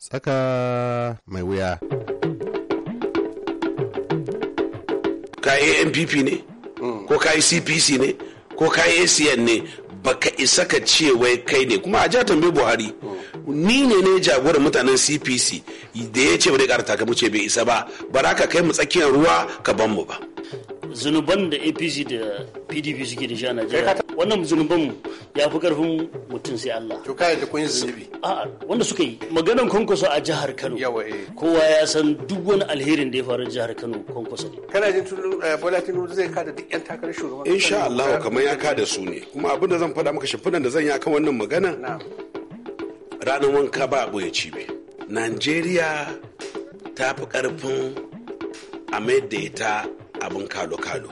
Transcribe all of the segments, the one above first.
tsaka mai wuya. Ka yi NPP ne, ko ka yi CPC ne, ko ka yi ACN ne, baka isa ka ce wai kai ne kuma a ja tambayi Buhari. Ni ne ne jagoran mutanen CPC da ya ce bai karata ka mu bai isa ba, bara ka kai mu tsakiyar ruwa ka ban mu ba. Zunuban da APC da PDP suke da shi a Najeriya. wannan zunubin ya fi karfin mutum sai Allah to kai da kun zunubi a wanda suka yi maganan kwankwaso a jihar Kano yawa eh kowa ya san duk wani alherin da ya faru jihar Kano kwankwaso ne kana jin tun eh, Bola Tinubu zai kada duk yan takarar shugaban insha Allah kamar ya kada su ne kuma abin da zan faɗa maka shimfiɗan da zan yi akan wannan magana ranar wanka ba abu ya cibe Najeriya ta fi karfin a mai da ita abin kalo-kalo.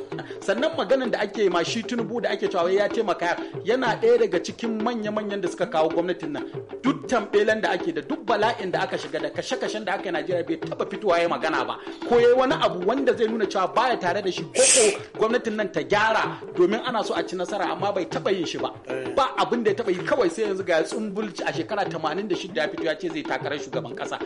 Sannan maganan da ake ma shi da ake cewa ya taimaka yana ɗaya daga cikin manya-manyan da suka kawo gwamnatin nan. Duk tambelen da ake da duk bala'in da aka shiga da kashe-kashen da aka yi Najeriya bai taba fitowa ya magana ba. Ko yayi wani abu wanda zai nuna cewa baya tare da shi ko gwamnatin nan ta gyara domin ana so a ci nasara amma bai taba yin shi ba. Eh. Ba abin da ya taba yi kawai sai yanzu ga ya tsumbulci a shekara 86 ya fito ya ce zai takarar shugaban kasa.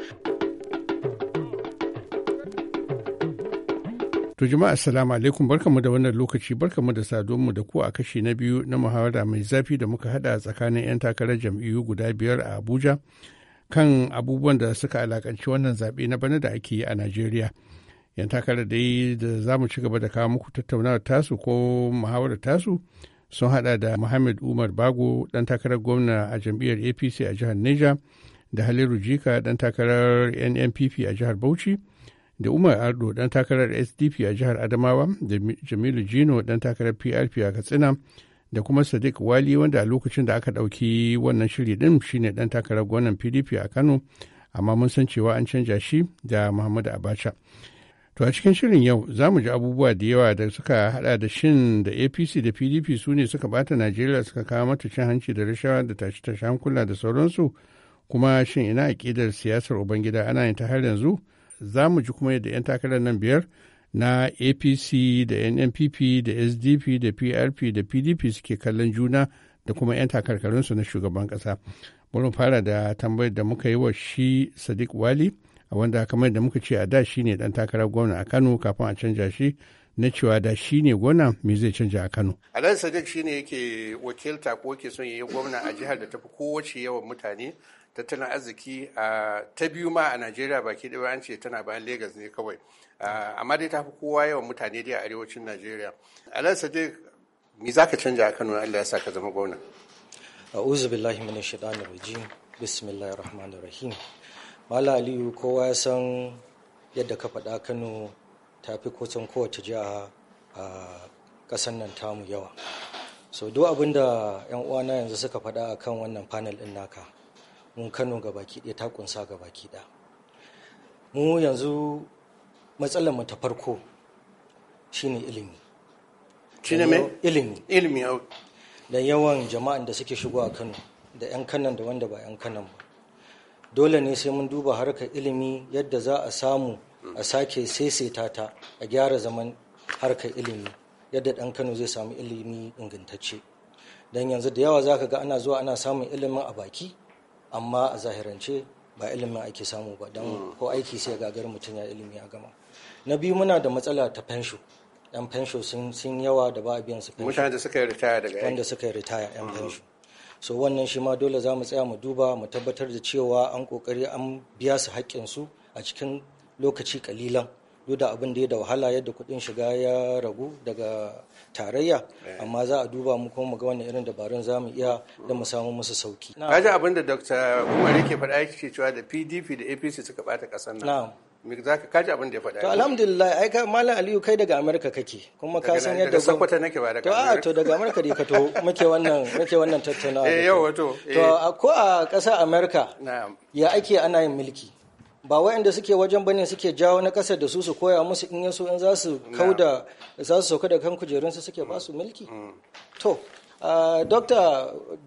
To jama'a assalamu alaikum barkamu da wannan lokaci barkamu da mu da ku a kashi na biyu na muhawara mai zafi da muka hada tsakanin 'yan takarar jam'iyyu guda biyar a Abuja kan abubuwan da suka alakanci wannan zaɓe na bana da ake yi a Najeriya. 'Yan takarar da yi da za mu ci gaba da kawo muku tattaunawar tasu ko muhawarar tasu sun hada da Muhammad Umar Bago ɗan takarar gwamna a jam'iyyar APC a jihar Neja da Haliru Jika ɗan takarar NNPP a jihar Bauchi. da umar ardo dan takarar sdp a jihar adamawa da jamilu jino dan takarar prp a katsina da kuma sadiq wali wanda a lokacin da aka ɗauki wannan shiri din shine dan takarar gwamnan pdp a kano amma mun san cewa an canja shi da muhammadu abacha to a cikin shirin yau za mu ji abubuwa da yawa da suka hada da shin da apc da pdp su ne suka bata najeriya suka kawo mata cin hanci da rashawa da tashi tashi hankula da sauransu kuma shin ina aƙidar siyasar ubangida ana yin ta har yanzu za mu ji kuma yadda 'yan takarar nan biyar na apc da nnpp da sdp da prp da pdp suke kallon juna da kuma 'yan takarkarinsu na shugaban kasa bari fara da tambayar da muka yi wa shi sadiq wali a wanda kamar da muka ce a da shi ne dan takarar gwamna a kano kafin a canja shi na cewa da shi ne gwamna me zai canja a kano alhaji sadiq shi ne yake wakilta ko ke son yi gwamna a jihar da tafi kowace yawan mutane tattalin arziki ta biyu ma a najeriya baki ɗaya an ce tana bayan Legas ne kawai amma dai ta fi kowa yawan mutane dai a arewacin najeriya sa dai me za ka canja a kano allah ya sa ka zama gwamna a'udhu billahi minash shaitanir rajim bismillahir rahmanir rahim mala aliyu kowa ya san yadda ka faɗa kano ta fi kusan kowace jiha a ƙasar nan tamu yawa so duk abin da 'yan uwana yanzu suka faɗa akan wannan panel ɗin naka in kano gabaki ɗaya ta kunsa gabaki ɗaya mu yanzu matsalar mu ta farko shine ilimi shine me ilimi ilimi da yawan jama'an da suke shigo a kano da 'yan kanan da wanda ba 'yan kanan ba dole ne sai mun duba harkar ilimi yadda za a samu a sake saisaita ta a gyara zaman harkar ilimi yadda ɗan kano zai samu ilimi ingantacce dan yanzu da yawa zaka ga ana zuwa ana samun ilimin a baki amma a zahirance ba ilimin ake samu ba don hmm. ko aiki sai gagar mutum ya ilimi a gama na biyu muna da matsala ta fensho yan fensho sun yawa da ba a biyan su fensho ritaya wanda suka yi ritaya yan hmm. fensho so wannan shi ma dole za mu tsaya mu duba mu tabbatar da cewa an kokari an biya su haƙƙinsu a cikin lokaci kalilan duk da abin da ya da wahala yadda kuɗin shiga ya ragu daga tarayya eh. amma za a duba mu kuma mu ga wani irin dabarun za mu iya da mu samu musu sauki. Kaji abin da Dr. Umar yake faɗa yake cewa da PDP da APC suka ɓata ƙasar nan. za ka kaji abin da ya faɗa. To alhamdulillah ai ka Malam Aliyu kai daga Amurka kake kuma ka san yadda gwamnati. Daga nake ba daga Amurka. To daga Amurka dai ka to muke wannan muke wannan tattaunawa. Eh yau wato. To eh. ko a ƙasar Amurka. Na'am. Ya ake ana yin mulki. ba waɗanda suke wajen bane suke jawo na ƙasar da su su koya musu in yaso in za su kauda za su sauka da kan kujerun kujerunsu suke basu su mm. mulki mm. to Uh,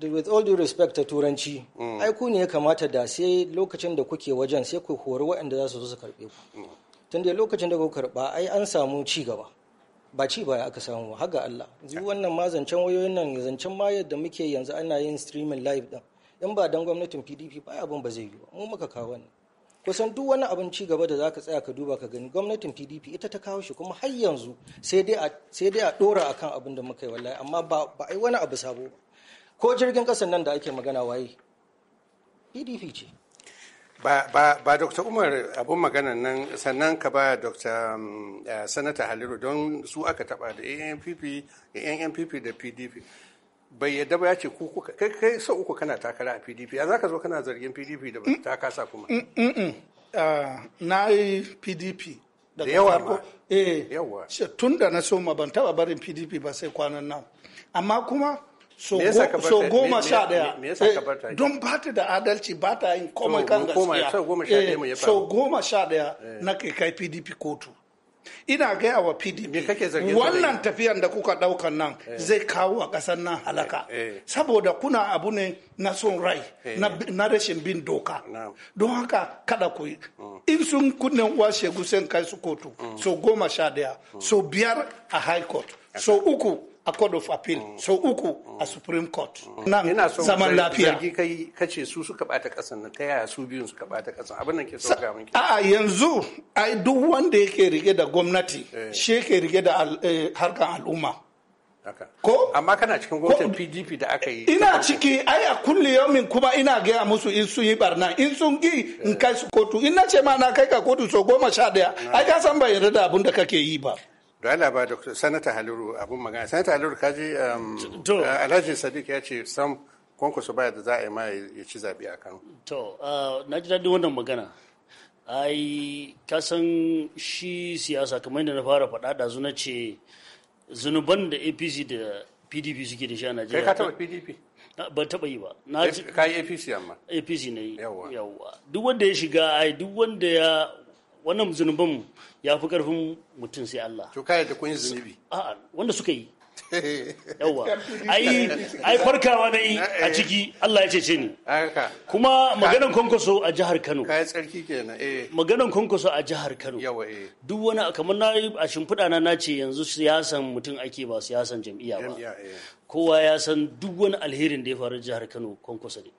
with all due respect ta turanci mm. ai ku ne ya kamata da sai lokacin da kuke wajen sai ku hori waɗanda za su zo su karɓe ku tun da lokacin da kuka karba ai an samu ci gaba ba ci baya aka samu ba haga Allah yanzu wannan ma zancen wayoyin nan zancen ma yadda muke yanzu ana yin streaming live din in ba dan gwamnatin PDP ba abin ba zai yi ba mu muka kawo ne kusan duk wani abin ci gaba da zaka tsaya ka duba ka gani gwamnatin PDP ita ta kawo shi kuma har yanzu sai dai a sai dai a dora akan abin da muka yi wallahi amma ba ba ai wani abu sabo ba ko jirgin kasan nan da ake magana waye PDP ce ba ba ba Dr. Umar abun magana nan sannan ka ba Dr. Um, eh, Sanata Haliru don su aka taba da ANPP da PDP bai yadda ba ya ce ku kuka kai kai sau uku kana takara a pdp a za ka zo kana zargin pdp da ba ta kasa kuma mm, mm, mm, ah, na yi pdp da yawa ma eh yawa tun da na so ma ban taba barin pdp ba sai kwanan nan amma kuma so goma sha daya eh, don ba ta da adalci ba ta yin komai kan gaskiya so goma sha daya eh, eh. na kai kai pdp kotu ina gaya wa pdp wannan tafiyan da kuka daukan nan eh. zai kawo a ƙasar nan halaka eh, eh. saboda kuna abu ne na son rai na rashin bin doka don haka kada ku yi mm. in sun kunnen uwa shegu kai su kotu mm. so goma sha daya mm. so biyar a high court so uku a court of appeal mm. sau uku a mm. supreme court mm. so zaman lafiya zargi kai kace su suka bata kasan nan ta yaya su biyun suka bata kasan abin nan ke so ga mun yanzu ai duk wanda yake rige da gwamnati eh. shi yake rige da eh, harkan al'umma ko amma kana cikin gwamnatin pdp da aka yi ina ciki ai a kulle yaumin kuma ina gaya musu in sun yi barna in sun gi in eh. kai su kotu in na ce ma na kai ka kotu so goma sha daya ai ka san bai yarda da abin da kake yi ba Dole ba Dr. Sanata Haliru abun magana. Sanata Haliru ji um, uh, Alhaji Sadiq ya ce sam kwankwaso baya da za a yi ma ya ci zaɓe a kan. To, uh, na ji daɗin wannan magana. Ai, ka san shi siyasa kamar yadda na fara faɗa da zuna ce zunuban da APC da PDP suke da shi a Najeriya. Kai ka taɓa PDP? Ban taɓa yi ba. Ka yi APC amma? APC na yi. Yawwa. Duk wanda ya shiga, ai, duk wanda ya wannan zunubin ya fi karfin mutum sai Allah to kai da kun zunubi a'a wanda suka yi Yawwa. ai ai farkawa na yi a eh. ciki Allah ya cece ni kuma maganan kwankwaso a jihar Kano kai tsarki kenan eh maganan kwankwaso a jihar Kano Yawwa eh duk wani kamar na a shimfiɗa na nace yanzu siyasan mutum ake ba siyasan jam'iyya ba eh. kowa ya san duk wani alherin da ya faru jihar Kano kwankwaso ne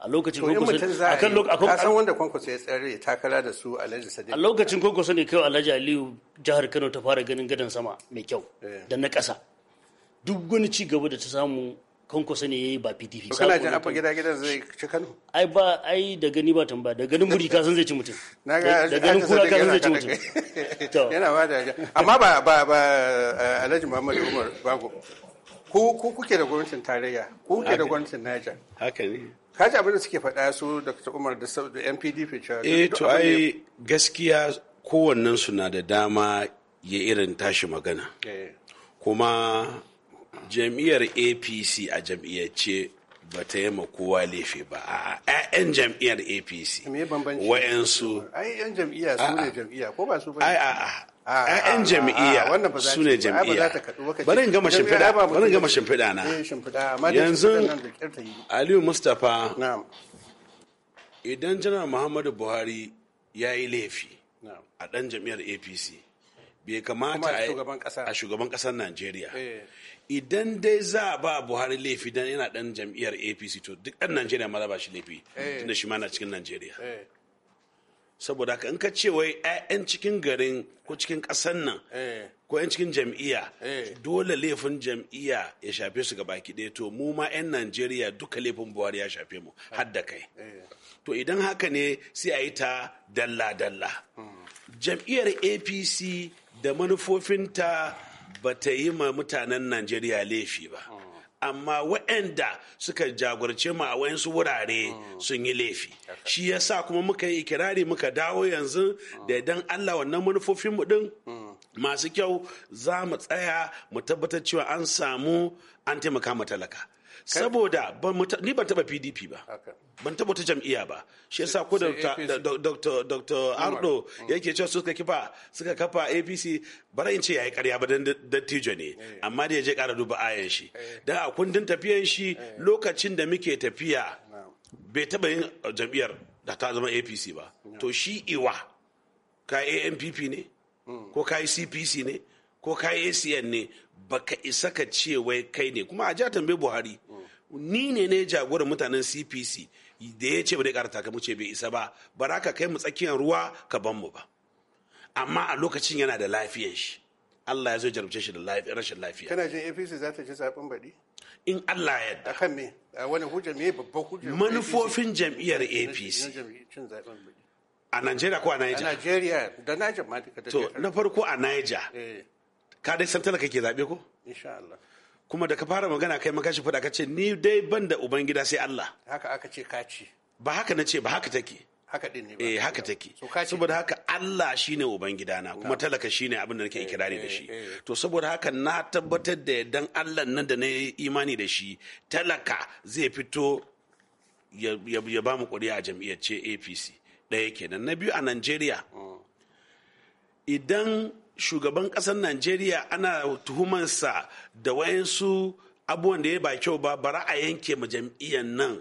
a lokacin kwankwaso a san wanda kwankwaso ya tsare ya takara da su alhaji sadiq a lokacin kwankwaso ne kai alhaji aliyu jihar kano ta fara ganin gadon sama mai kyau eh. da na ƙasa duk wani ci gaba da ta samu kwankwaso ne ya yi ba pdp kana jin abba gida gida zai ci kano ai ba ai da gani ba tamba da ganin muri ka san zai ci mutum da ganin kura ka san zai ci mutum yana ba da amma ba ba ba eh, alhaji muhammadu umar bago ko kuke da gwamnatin tarayya ko kuke da gwamnatin niger haka ne kaji abin da suke faɗa su ta umar da npdp cewa eh to ai gaskiya kowannen su na da dama ya irin tashi magana eh. kuma jam'iyyar apc a jam'iyyarce ba ta yi kowa laifi ba a 'yan jam'iyyar apc wa'yansu ai 'yan jam'iyya su ne jam'iyya ko ba su ba 'ya'yan jam'iyya su ne jam'iyya bari in gama shimfiɗa na eh, yanzu aliyu mustapha idan janar muhammadu buhari ya yi laifi a ɗan jam'iyyar apc bai kamata a shugaban ƙasar najeriya eh. idan dai za a ba buhari laifi dan yana ɗan jam'iyyar apc to duk ɗan najeriya ma za ba shi laifi eh. tunda shi ma na cikin najeriya saboda haka in ka ce wai 'ya'yan cikin garin ko cikin ƙasan nan eh. ko 'yan cikin jam'iyya eh. dole laifin jam'iyya ya shafe su baki ɗaya to mu ma 'yan najeriya duka laifin buhari ya shafe mu har da kai eh. to idan haka ne sai a yi ta dalla-dalla hmm. jam'iyyar apc da manufofinta ba ta yi ma mutanen najeriya laifi ba amma waɗanda suka jagorce mu a wayansu wurare sun yi laifi shi yasa kuma muka yi ikirari muka dawo yanzu da idan Allah wannan manufofin mu din masu kyau za mu tsaya mu tabbatar cewa an samu an taimaka ma talaka saboda ni ban taba pdp ba ban taba ta jam'iyya ba shi yasa ko da dr ardo mm. yake cewa suka kifa suka kafa apc bara in ce yayi karya ba dan dattijo ne eh. amma da ya je kara duba ayan shi eh. dan a kundin tafiyan shi eh. lokacin da muke tafiya bai taba yin uh, jam'iyyar da ta zama apc ba to shi iwa ka ampp ne mm. ko ka cpc ne ko ka yi ACN ne baka isa ka ce wai kai ne kuma a ja tambaye Buhari ni ne ne jagoran mutanen CPC da ya ce ba dai ƙara takamu ce bai isa ba bara ka kai mu tsakiyar ruwa ka ban mu ba amma a lokacin yana da lafiyan shi Allah ya zo jarumce shi da rashin lafiya. Kana jin APC za ta ci zaben baɗi? In Allah ya da. Akan me? A wani hujja me babban hujja? Manufofin jam'iyyar APC. A Najeriya ko a Niger? A Najeriya da Niger ma duka. To na farko a Niger. Eh. ka dai san talaka ke zaɓe ko insha kuma da ka fara magana kai makashi faɗa ka ce ni dai ban da ubangida sai Allah haka aka ce ka ce ba haka na ce ba haka take haka din ne ba eh haka take saboda haka Allah shine ubangida na kuma talaka shine abin da nake ikirari da shi eh, eh, eh. to saboda haka na tabbatar da dan Allah nan da na yi imani da shi talaka zai fito ya ba mu kuri'a a jam'iyyar ce APC ɗaya kenan na biyu a Najeriya mm. idan shugaban ƙasar najeriya ana tuhumansa da wayansu abubuwan da ya ba kyau ba bara a yanke ma jam'iyyar nan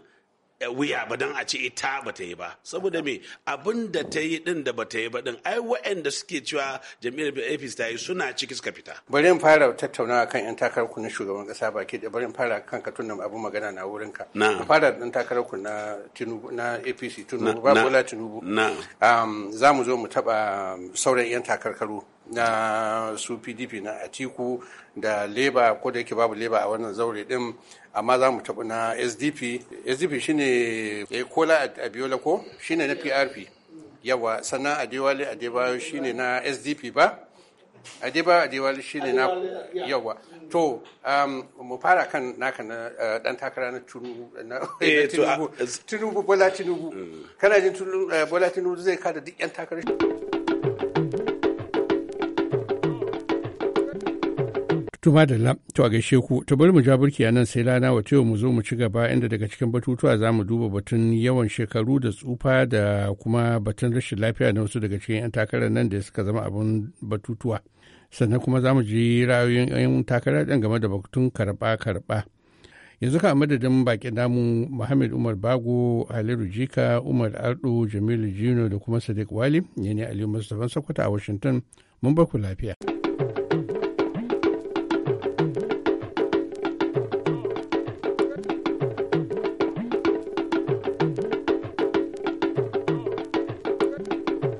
eh, wuya ba don a ce ita ba ta yi ba saboda me abin da ta yi din da ba ta yi ba din ai da suke cewa jam'iyyar apc ta yi suna ciki suka fita bari in fara tattaunawa kan yan takarar ku na shugaban kasa baki da bari in fara kan ka tunan abu magana na wurin ka na fara dan takarar ku na tinubu na apc tinubu ba bola tinubu na za mu zo mu taba sauran yan takarkaru na su pdp na atiku da leba ko da yake babu leba a wannan zaure din amma za mu taɓa na sdp sdp shine eh, kola abiola ko shine na prp yawa sannan adewale adebayo shine na sdp ba adeba adewale shine na yawa to um, mu fara kan naka na dan eh, takara na tunubu eh, bola tunubu mm. kana jin bola tunubu zai kada duk yan takarar Tuma da la, to a gaishe ku, ta bari mu ja burki a nan sai lana wa mu zo mu ci gaba inda daga cikin batutuwa za mu duba batun yawan shekaru da tsufa da kuma batun rashin lafiya na wasu daga cikin 'yan takarar nan da suka zama abin batutuwa. Sannan kuma za mu ji ra'ayoyin 'yan takarar ɗin game da batun karɓa-karɓa. yanzu ka madadin baƙi namu Muhammad Umar Bago, Aliru Jika, Umar Ardo, Jamilu Jino da kuma Sadiq Wali, ne ne Aliyu Mustapha Sokoto a Washington. Mun bar ku lafiya.